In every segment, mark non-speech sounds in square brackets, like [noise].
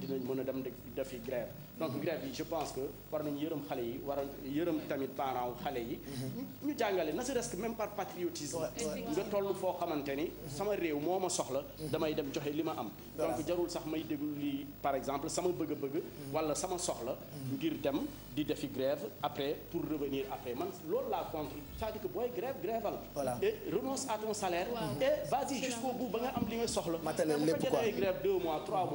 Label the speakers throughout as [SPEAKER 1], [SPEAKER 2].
[SPEAKER 1] nekk dinañ mën a dem defi grève donc grève yi je pense que war nañu yërëm xale yi war a yërëm tamit parents wu xale yi mhm. ñu jàngale na serait-ce que même par patriotisme nga toll foo xamante ni mhm. sama réew moo ma soxla mhm. damay dem joxe li ma am donc jarul sax may déglu lii par exemple sama bëgg-bëgg wala sama soxla ngir dem di defi grève après pour revenir après man loolu laa contre c'est-à-dire que booy grève grèveal et renonce à salaire et vas-y jusqu'au bout ba nga am li nga soxla bu fekkee grève mois trois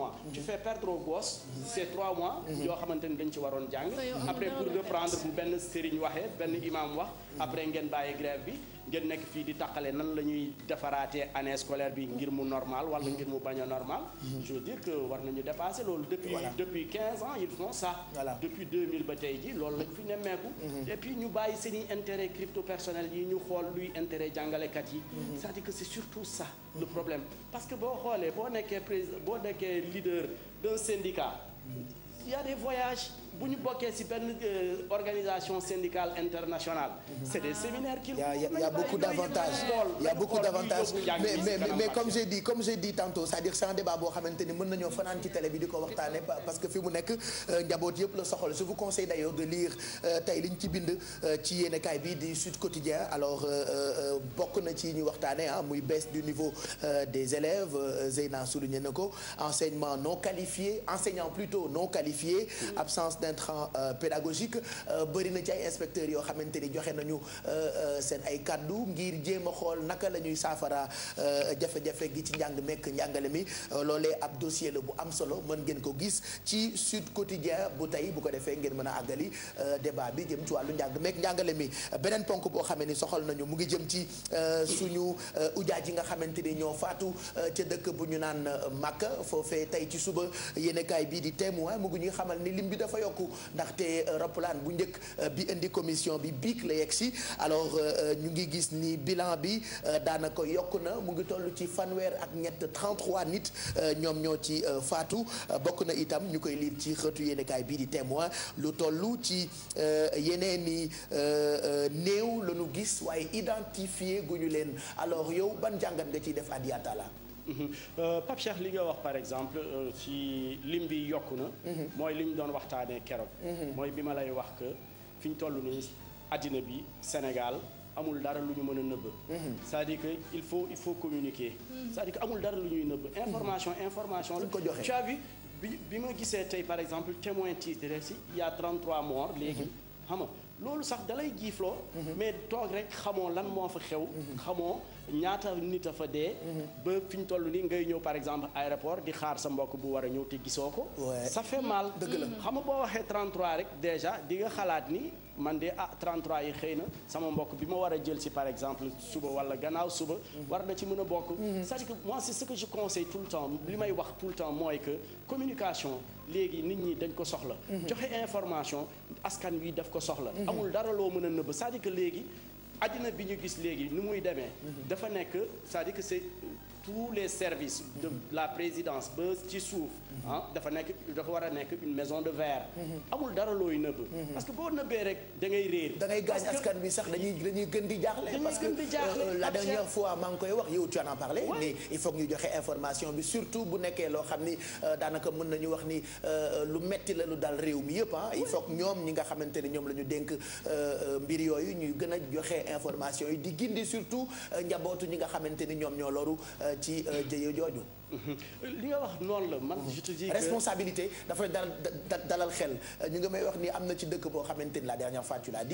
[SPEAKER 1] micro gosse c'est trois mois yoo xamante ni dañ ci waroon jàng après pour reprendre bu benn sëriñ waxee benn imam wax après ngeen bàyyi grève bi ngeen nekk fii di taqale nan la ñuy defaraatee année scolaire bi ngir mu normal wala ngir mu bañ a normal je veux ñu que war nañu dépasser loolu depuis depuis quinze ans ils font ça depuis 2000 ba tey ji loolu lañ fi nemmeeku mhm. et ñu bàyyi seen i intérêt crypto personnel yi ñu xool luy intérêt jàngalekat yi mhm. c'est-à-dire que c'est surtout ça le problème parce que boo xoolee boo nekkee président boo nekkee leader d'un syndicat. Il y a des voyages. bu ñu bokkee si benn euh, organisation syndicale internationale. Mhm. c'est des séminaires qui. il y a il y a beaucoup d'avantages il beaucoup d'avantages mais mais mais comme
[SPEAKER 2] j'ai dit comme j'ai dit tantôt c'est-à-dire c'est un débat boo xamante ni mën nañoo fanaan ci télé bi di ko waxtaanee parce que fi mu nekk euh, njaboot yëpp la soxal je vous conseille d'ailleurs de lire euh, tey ci bind ci yéenekaay bi di Sud Quotidien alors bokk na ci ñu waxtaanee ah muy baisse du niveau des élèves Zeyna souligné na ko enseignement non qualifié enseignant plutôt non qualifié mm. absence intrant pédagogique euh, bëri na ci ay inspecteurs yoo xamante ni joxe nañu euh, euh, seen ay kàddu ngir jéem a xool naka la ñuy saafara jafe-jafe gi ci njàng mekk njàngale mi loolee ab dossier la bu am solo mën ngeen ko gis ci Sud Quotidien bu tey bu ko defee ngeen mën a àggali débat bi jëm ci wàllu njàng mekk njàngale mi beneen ponk boo xamee ni soxal nañu mu ngi jëm ci suñu ujaaj yi nga xamante ni ñoo faatu ca dëkk bu ñu naan Màkka foofee tey ci suba kaay bii di témoin mu ngi ñuy xamal ni lim bi dafa yokk ku ndaxte euh, roppalaan bu njëkk euh, bi indi commission bi biig la yegg si alors euh, ñu ngi gis ni bilan bi daanaka yokk na mu ngi toll ci fanweer ak ñett 33 nit ñoom ñoo ci faatu bokk na itam ñu koy liit ci xëtu yéenekaay bii di témoin lu tollu ci yeneen i néew la ñu gis waaye identifié gu ñu leen alors yow ban jàngat nga ciy def Adia Talla
[SPEAKER 1] Euh, Pape Cheikh li nga wax par exemple euh, ci lim bi yokku na. mooy li ñu doon waxtaanee keroog. mooy bi ma lay wax que fi ñu toll nii àddina bi Sénégal. amul dara lu ñu mën a nëbb cest di que il faut il faut communiquer cest à que amul dara lu ñuy nëbb information information la ko joxe tu bi bi ma gisee tey par exemple témoin titre si il y a 33 morts léegi mhm. xam nga loolu sax dalay giifloo mhm. mais toog rek xamoo lan moo fa xew mhm. xamoo ñaata nit a fa dee mhm. ba fi ñu toll nii ngay ñëw par exemple aéroport di xaar sa mbokk bu war a ñëw te gisoo ko ça fait mal dëgg la xam nga boo waxee 33 rek déjà di nga xalaat ni man de ah 33 yi xëy na sama mbokk bi ma war a jël si par exemple suba wala gannaaw suba war na ci mën a bokk c'est-à-dire que moi c'est ce que je conseille tout le temps li may wax tout le temps mooy que communication léegi nit ñi dañ ko soxla askan wi daf ko soxla. Mhm. amul dara loo mën a nëbb cest à léegi àddina bi ñu gis léegi ni muy demee. Mhm. dafa nekk cest à que c'est tous les services. de mhm. la présidence ba ci suuf. ah dafa nekk dafa war a nekk une maison de verre. Mhm. amul dara looy nëbb. Mhm. parce que boo nëbbee rek dangay ngay da ngay gaañ askan bi sax dañuy dañuy gën di jaaxle. parce que euh, la dernière
[SPEAKER 2] fois maa ngi koy wax yow tu en as parlé. ni il faut ñu joxe information bi surtout bu nekkee loo xam ni euh, daanaka mën nañu wax ni euh, lu metti la lu dal réew mi yëpp ah. il faut ñoom ñi nga xamante ni ñoom la ñu dénk mbir yooyu ñuy gën a joxe information yi di gindi surtout njabootu ñi nga xamante ni ñoom ñoo loru ci jëye jooju. li nga wax
[SPEAKER 1] noonu la man je te dis que responsabilité
[SPEAKER 2] dafay dalal xel ñu nga may wax ni am na ci dëkk boo xamante ni la dernière fois tu l'as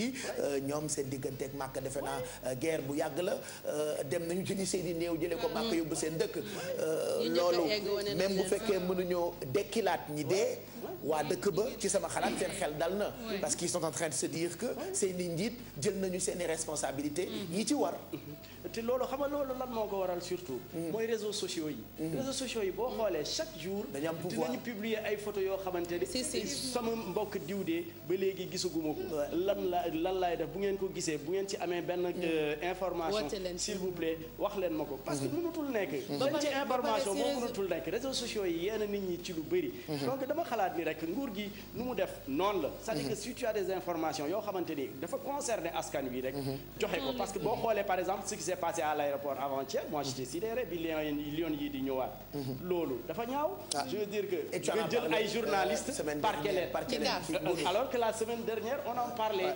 [SPEAKER 2] ñoom seen diggante ak màkk defe naa euh, guerre bu yàgg la euh, dem nañu jëli seen i néew jëlee ko màkk mm-hmm. yóbbu seen dëkk euh, loolu même bu fekkee mënuñoo dekkilaat ñi dee waa dëkk ba ci sama xalaat seen xel dal na parce que sont en train se dire que
[SPEAKER 1] seen i njiit jël nañu seen i responsabilité yi mm-hmm. ci war mm-hmm. te loolu xam nga loolu lan moo ko waral surtout. Mm-hmm. mooy réseaux sociaux yi. Mm-hmm. réseaux sociaux yi boo xoolee chaque jour. dañu am publier ay photo yoo xamante ne. si si sama mbokk diw de ba léegi gisaguma ko. lan la lan laay def bu ngeen ko gisee bu ngeen ci amee benn. Mm-hmm. Euh, information s'il vous plaît wax leen ma ko. parce que mënatul nekk. ba ci information moo mënatul nekk réseaux sociaux yi yéen nit ñi ci lu bëri. donc dama xalaat ni rek nguur gi nu mu def noonu la. sa à que si tu as des informations yoo xamante ni dafa concerner askan wi rek. joxe ko s'est passé à l'aéroport avant-hier moi j'étais sidéré bi lion yi lion yi di mhm. loolu dafa ñaaw. Ah. je veux dire que. nga jël ay journalistes. Euh, parquet leen euh, alors que la semaine dernière on en parlait.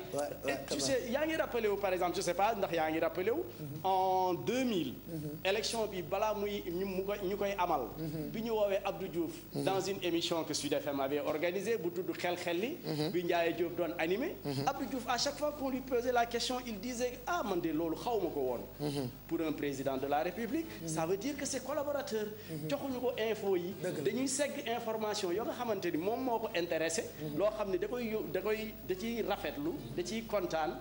[SPEAKER 1] tu sais yaa ngi rappelé wu par exemple je sais pas ndax yaa ngi rappelé wu. Mhm. en mhm. élection bi balaa muy ñu mu koy ñu koy amal. bi ñu woowee Abdou Diouf. dans une émission que Sud FM avait organisée bu tudd xel xel li. bi Ndiaye Diop doon animé. Abdou Diouf à chaque fois qu'on lui posait la question il disait ah, loolu xaw ma ko woon. Mm-hmm. pour un président de la république mm-hmm. ça veut dire que ses collaborateurs mm-hmm. joxuñu ko info yi dañuy segg information yoo nga xamante ni moom moo ko intéressé loo xam ne da koy da koy da ciy rafetlu da ciy kontaan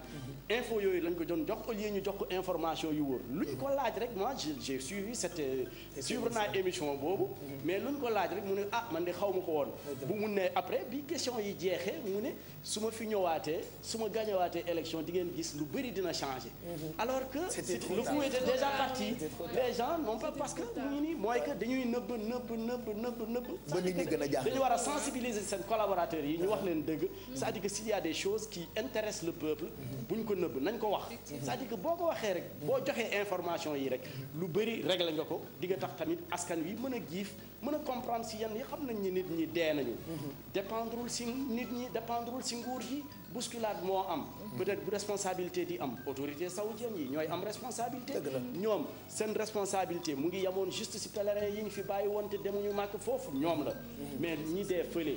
[SPEAKER 1] info yooyu lañ ko doon jox au lieu ñu jox information yu wóor lu ñu ko laaj rek moi j'ai suivi cette euh, suivre naa émission boobu mais lu ñu ko laaj rek mu ne ah man de xaw ma ko woon bu mun nee après bi question yi jeexee mu ne su ma fi ñëwaatee su ma gàñowaatee élection di ngeen gis lu bëri dina changer mm-hmm. alors que le coup était déjà parti les gens non pas parce que ñu ni mooy que dañuy nëbb nëbb nëbb nëbb nëbb dañu war a sensibiliser seen collaborateurs yi ñu wax leen dëgg mm-hmm. a des choses qui intéressent le peuple mm-hmm. buñ nëbb nañ ko wax cest à boo ko waxee rek boo joxee information yi rek lu bëri réglé nga ko di nga tax tamit askan wi mën a giif mën a comprendre si yan yi xam nañ ni nit ñi dee nañu dépendrul si nit ñi dépendrul si nguur gi bousculade moo am peut-être bu responsabilité di am autorité saoudienne yi ñooy am responsabilité la ñoom seen responsabilité mu ngi yamoon juste si pèlerin yi ñu fi bàyyi woon te demuñu màkk foofu ñoom la mmh. mais ñi dee fële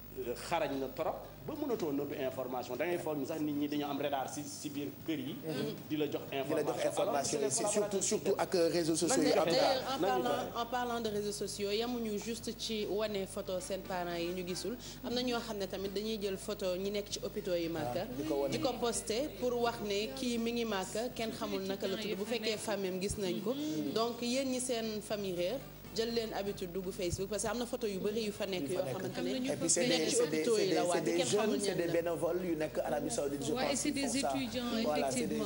[SPEAKER 1] xarañ na trop ba mënatoo nëbb information da ngay foog ni sax nit ñi dañoo am radar si biir kër yi. Mm-hmm. di jox information
[SPEAKER 2] surtout ak euh, réseaux sociaux yi. en
[SPEAKER 3] de réseaux sociaux yamuñu juste ci wane photo seen parent yi ñu gisul am na ñoo xam ne tamit dañuy jël photo ñi nekk ci hôpitaux yi màkka ah, di ko posté pour wax ne kii mi ngi màkka kenn xamul naka la tudd bu fekkee famille am gis nañ ko mm-hmm. donc yéen ñi seen famille jël leen habitude dugg Facebook parce que am na photo yu bëri yu fa nekk yoo xamante ne. c'est des jeunes c'est des
[SPEAKER 2] bénévoles yu nekk Arabie Saoudite je pense. c'est des étudiants effectivement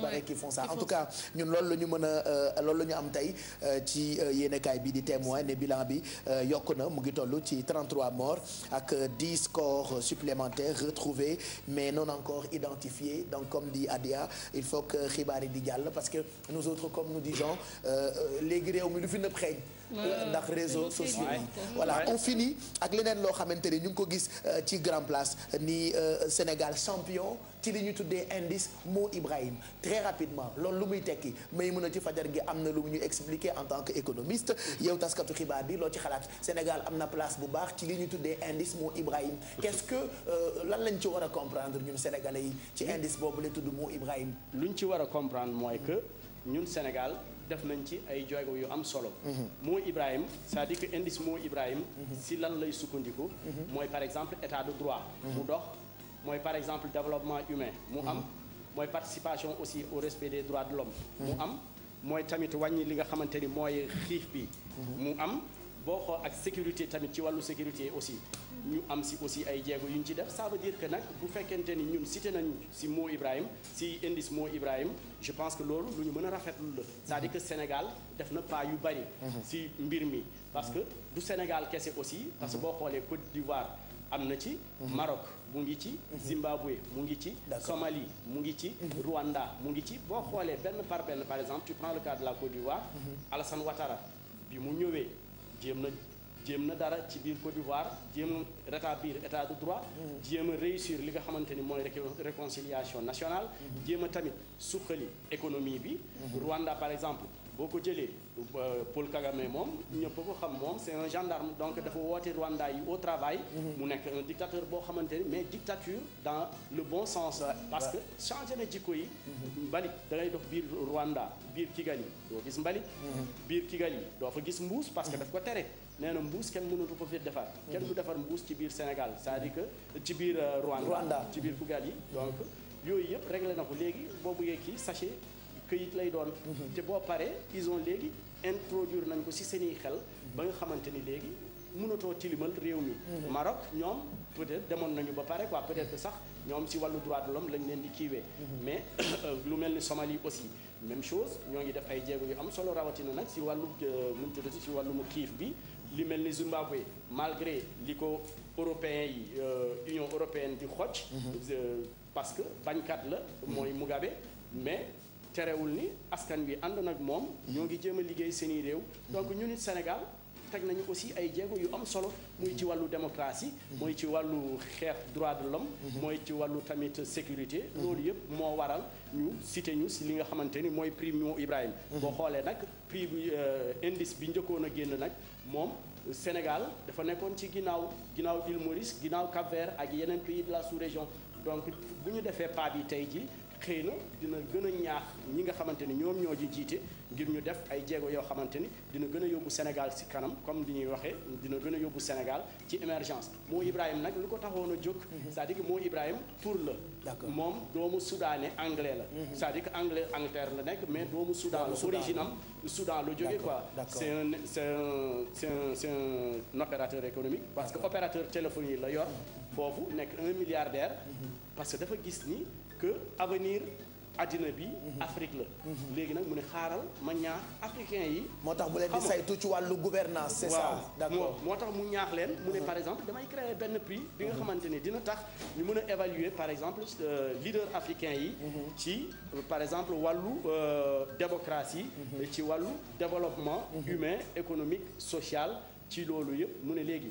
[SPEAKER 2] voilà qui font ça en tout cas ñu mën a euh, loolu la ñu am tey euh, ci euh, yéenekaay bi di témoin ne bilan bi yokk na mu ngi toll ci 33 morts ak 10 corps supplémentaires retrouvés mais non encore identifiés donc comme dit Adia il faut que xibaar yi di jàll parce que nous autres comme nous disons xeeñ ndax réseaux sociaux yi voilà on finit ak leneen loo xamante ni ñu ngi ko gis euh, ci grand place ni euh, Sénégal champion ci li ñu tuddee indice Mo Ibrahim très rapidement loolu lu muy tekki may mun a ci fajar gi am na lu ñu expliquer en tant que économiste yow taskatu xibaar bi loo ci xalaat Sénégal am na place bu baax ci li ñu tuddee indice moo Ibrahim
[SPEAKER 1] qu'est-ce que euh, lan lañ ci war a comprendre ñun sénégalais yi ci indice boobu la tudd Mo Ibrahim luñ ci war a comprendre mooy que ñun Sénégal def nañ ci ay jogo yu am solo mhm. moo Ibrahim c'est-à-dire que indice moo Ibrahim mhm. si lan lay sukkandiku mhm. mooy par exemple état de droit mu dox mooy par exemple développement humain mu am mooy participation aussi au respect des droits de l'homme mu am mooy tamit wàññi li nga xamante ni mooy xiif bi mu am boo xool ak sécurité tamit ci wàllu sécurité aussi ñu am si aussi ay jéego yu ñu ci def ça veut dire que nag bu fekkente ni ñun cité nañu si moo Ibrahim si indi si moo Ibrahim je pense que loolu lu ñu mën a rafetlu la cest à que Sénégal def na pas yu bari si mbir mi parce que du Sénégal kese aussi parce que boo xoolee Côte d'Ivoire am na ci Maroc mu ngi ci Zimbabwe mu ngi ci somali mu ngi ci mhm. Rwanda mu ngi ci boo xoolee benn par benn par exemple tu le cas de la Côte d'Ivoire mhm. Alassane Ouattara bi mu ñëwee jéem na jéem na dara ci biir Côte d'Ivoire jéem a rétablir état de droit jéem a réussir li nga xamante ni mooy réconciliation nationale jéem a tamit suqali économie bi Rwanda par exemple boo ko jëlee euh, Paul Kagame moom ñëpp ko xam moom c'est un gendarme donc dafa woote Rwanda yi au travail mu nekk un dictateur boo xamante ni mais dictature dans le bon sens parce que changé na jikko yi mbalit da ngay dox biir Rwanda biir Kigali doo gis mbalit mhm. biir Kigali doo fa gis mbuus parce que mhm. daf ko tere nee na mbuus kenn mënatu ko fi defar mhm. kenn du defar mbuus ci biir Sénégal sa à dire que ci biir euh, Rwanda ci biir yi donc yooyu yëpp réglé na ko léegi boo bëggee kii sachet këyit lay doon te boo pare ison léegi introduire nañ ko si seeni xel ba nga xamante ni léegi mënatoo tilimal réew mi Maroc ñoom peut-être demoon nañu ba pare quoi peut sax ñoom si wàllu droit de l'homme lañ leen di kiiwee mhm. mais [coughs] lu mel ni Somalie aussi même chose ñoo ngi def ay jéego yu am solo rawatina nag si wàllu euh, nu mu tuddati si wàllum kiif bi li mel ni Zimbabwe malgré li ko européen yi euh, Union européenne di xocc mhm. euh, parce que bañkat la mhm. mooy Mugabe mais terewul ni askan wi ànd nag moom ñoo ngi jëm a liggéey seen i réew donc ñu nit Sénégal teg nañu aussi ay jéego yu am solo muy ci wàllu démocratie mooy ci wàllu xeex droit de l'homme mooy ci wàllu tamit sécurité loolu yëpp moo waral ñu cité ñu si li nga xamante ni mooy prix Mo Ibrahim boo xoolee nag prix bi euh, indice bi njëkkoon a génn nag moom Sénégal dafa nekkoon ci ginnaaw ginnaaw île Maurice ginnaaw Cap-Vert ak yeneen pays la sous-région donc bu ñu defee pas yi tey ji xëy na dina gën a ñaax ñi nga xamante ni ñoom ñoo ji jiite ngir ñu def ay jéego yoo xamante ni dina gën a yóbbu Sénégal ci kanam comme li ñuy waxee dina gën a yóbbu Sénégal ci émergence moo Ibrahim nag lu ko taxoon a jóg mhm. saa à dire que moo Ibrahim tur la moom doomu soudanais anglais la mhm. c'est-à-dire que anglais Angleterre la nekk mais doomu Soudan la origine am Soudan la jógee quoi c'est un c'est un c'est un c'est économique parce que opérateur yi la yor mhm. foofu nekk un milliardaire parce que dafa gis ni que avenir àddina bi. Afrique la. Mhm. léegi nag mu ne xaaral ma ñaax africain yi. moo tax mu leen di saytu
[SPEAKER 2] ci wàllu gouvernance c'est ça d'accord
[SPEAKER 1] moo tax mu ñaax leen. mu ne mhm. par exemple damay créer benn prix. bi nga mhm. xamante ne dina tax ñu mën a évaluer par exemple euh, leader africain yi. ci euh, par exemple wàllu euh, démocratie. ci wàllu développement. humain économique social ci loolu yëpp mu ne léegi.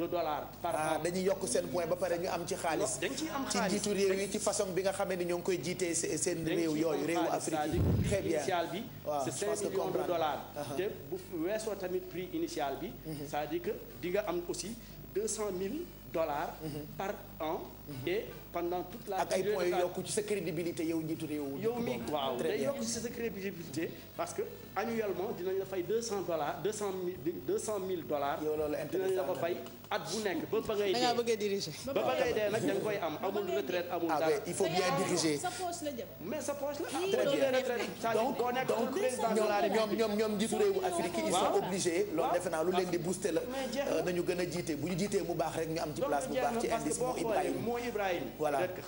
[SPEAKER 1] de dollars par ah, an. dañuy yokk
[SPEAKER 2] seen point ba pare ñu am ci
[SPEAKER 1] xaalis. dañ ciy am xaalis ci jiitu réew yi ci façon
[SPEAKER 2] bi nga xam ne ñoo ngi koy jiitee seen réew yooyu réewu Afrique uh-huh.
[SPEAKER 1] weesoo tamit prix initial bi mm-hmm. cest dire que di nga am aussi deux cent mille dollars mm-hmm. par an mm-hmm. et pendant toute la ak ay points yu yokk ci sa crédibilité yow njiitu réew yow mi waaw day yokk ci sa crédibilité parce deux cent dollars deux cent mille deux cent mille dollars dinañ la ko fay at bu nekk ba ba ngay dee a diriger. ba ba ngay dee nag da nga koy am amul retraite amul ah, dara. il faut bien diriger. sa poche la mais sa poche la. très bien donc donc ñoom Afrique yi. ils sont loolu defe naa lu leen di booster la. Euh,
[SPEAKER 2] nañu gën a jiite bu ñu jiitee mu baax rek ñu am ci place bu baax ci indice moo Ibrahim. moo Ibrahim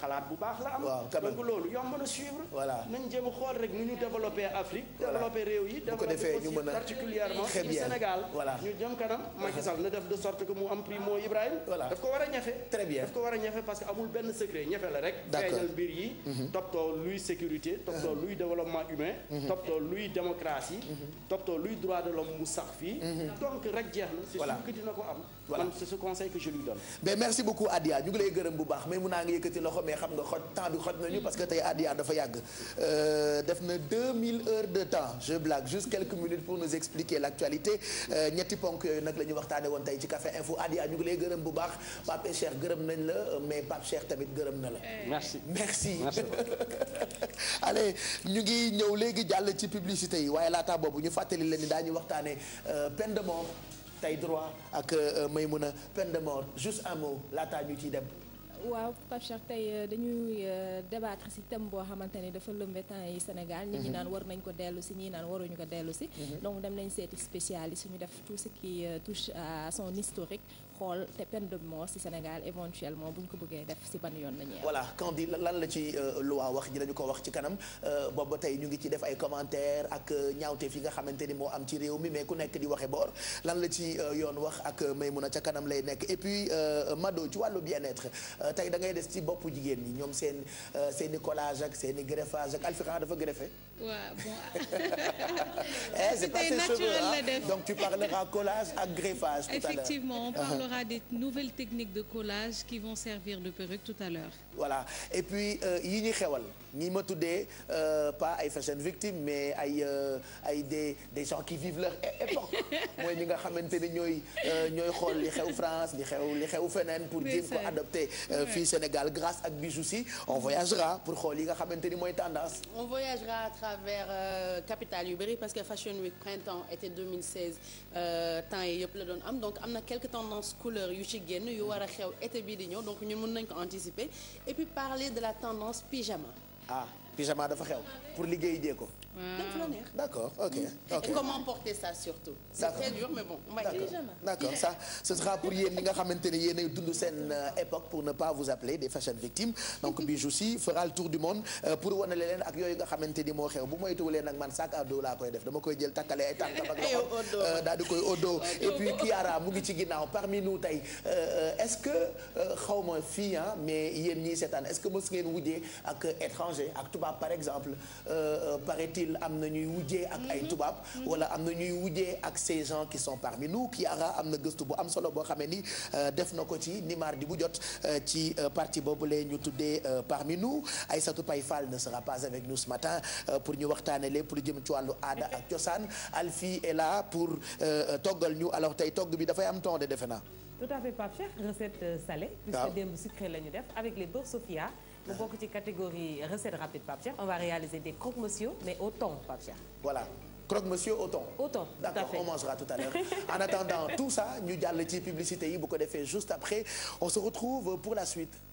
[SPEAKER 1] xalaat bu baax la am. waaw loolu yomb na suivre. nañ jéem a xool rek nu ñu développé Afrique. développé réew yi développé aussi de bi mooy Ibrahima. voilà daf ko war a ñafe. très bien daf ko war a ñafe parce que amul benn secret ñafe la rek. d' accord feeñal mbir yi. Mhm. toppatoo luy sécurité. Mhm. toppatoo luy développement humain. Mhm. toppatoo luy démocratie. toppatoo luy droit de l'homme mu sax fii. donc rek jeex na. voilà c' est sûr que dina ko am. voilà
[SPEAKER 2] man c' est ce conseil que je lui donne. mais merci beaucoup Adia ñu ngi lay gërëm bu baax mais mun naa ngi yëkkati loxo mais xam nga xoj temps bi xoj nañu parce que tey Adia dafa yàgg euh, def na 2000 heures de temps je blague juste quelques minutes pour nous expliquer l' actualité euh, ñetti ponk yooyu nag la ñu waxtaanee woon tey ci Café Info Adia. Dia ñu ngi lay gërëm bu baax Pape cher gërëm nañ la mais Pape Cheikh tamit gërëm na la. Eh. merci merci. [laughs] allez ñu ngi ñëw léegi jàll ci publicité yi waaye laata boobu ñu fàttali leen ni daañu waxtaanee euh, peine de mort tey droit ak euh, Maymuna peine de mort juste un mot laata ñu ci dem.
[SPEAKER 3] waaw Pape Cheikh tey euh, dañuy débattre ci thème boo xamante ne dafa lëmbe temps yi Sénégal ñi ñi mhm. naan war nañ ko dellu ci ñii naan waruñu ko dellu ci mhm. donc dem nañ seeti spécialiste suñu def tout ce qui touche son historique xool te peine de mort ci Sénégal éventuellement bu ñu ko bëggee def ci ban yoon la ñuy
[SPEAKER 2] voilà quand di lan la ci euh, loi wax lañu ko wax ci kanam euh, boobu ba tey ñu ngi ci def ay commentaires ak euh, ñaawteef yi nga xamante ni moo am ci réew mi mais ku nekk di waxe boor lan la ci yoon wax ak may Maymuna ca kanam lay nekk et puis Mado ci wàllu bien-être tey da ngay des ci boppu jigéen ñi ñoom seen seeni collage ak seen i greffage ak Alfira dafa greffé waaw bon. [laughs] eh c'est pas naturel la def donc tu parleras collage ak greffage tout à l'heure effectivement on uh-huh. parlera
[SPEAKER 3] des nouvelles techniques de collage qui vont servir de perruque tout à l'heure
[SPEAKER 2] voilà et puis euh, yi ñu xewal ñi ma tuddee euh, pas ay fashion victime mais ay euh, ay des des gens qui vivent leur époque [laughs] mooy ñi nga xamante ni ñooy euh, ñooy xool li xew France li xew li xew feneen pour jéem ko adopté fii Sénégal grâce ak Bijou si on voyagera pour xool yi nga xamante ni mooy tendance
[SPEAKER 3] on voyagera à travers capitale yu bëri parce que Fashion Week printemps été 2016 temps yi yëpp la doon am donc am na quelque tendances couleurs yu ci génn yu war a xew été bii di ñëw donc ñun mën nañ ko anticiper et puis parler de la tendance pyjama
[SPEAKER 2] ah pyjama dafa xew pour liggéey jee ko
[SPEAKER 3] dem fu la neex.
[SPEAKER 2] d'accord ok ok et comment
[SPEAKER 3] porter ça surtout. c'est très dur mais bon.
[SPEAKER 2] d'accord ça ce sera pour yéen ñi nga xamante ne yéen a dund seen euh, époque pour ne pas vous appeler des fashion victimes donc [laughs] Bijou Sy fera le tour du monde euh, pour wane leen ak yooyu nga xamante ni moo xew bu moytuwulee nag man sac à dos laa koy def dama koy jël takkale ay tànk ak loxo euh, daal di koy odo et puis Kiara mu ngi ci ginnaaw parmi nous tey est-ce que xaw ma fii ah mais yéen ñii seetaan est-ce que mës ngeen wujjee ak étranger ak tubaab par exemple paraît-il paraît am na ñuy wujjee ak ay mhm. tubaab mhm. wala am na ñuy wujjee ak ces gens qui sont parmi nous Kiara am na gëstu bu am solo boo xamee ni euh, def na ko ci ni mardi bu jot euh, ci euh, parti boobu la ñu tuddee parmi nous Aïssatou Paye Fall ne sera pas avec nous ce matin pour ñu waxtaanee lépp lu jëm ci wàllu aada ak cosaan Alfie e la pour toggal ñu alors tey togg bi dafay am temps de defe na
[SPEAKER 3] tout à fait Pape Cheikh recette salée ah. la ñu def avec les beurres Sofia mu bokk ci catégorie recette rapide Pape Cheikh on va réaliser des croque-monsieur mais au thon Pape Cheikh.
[SPEAKER 2] voilà croque-monsieur au tout à d'accord on mangera tout à l'heure en attendant [laughs] tout ça ñu jàll ci publicité yi bu ko defee juste après on se retrouve pour la suite.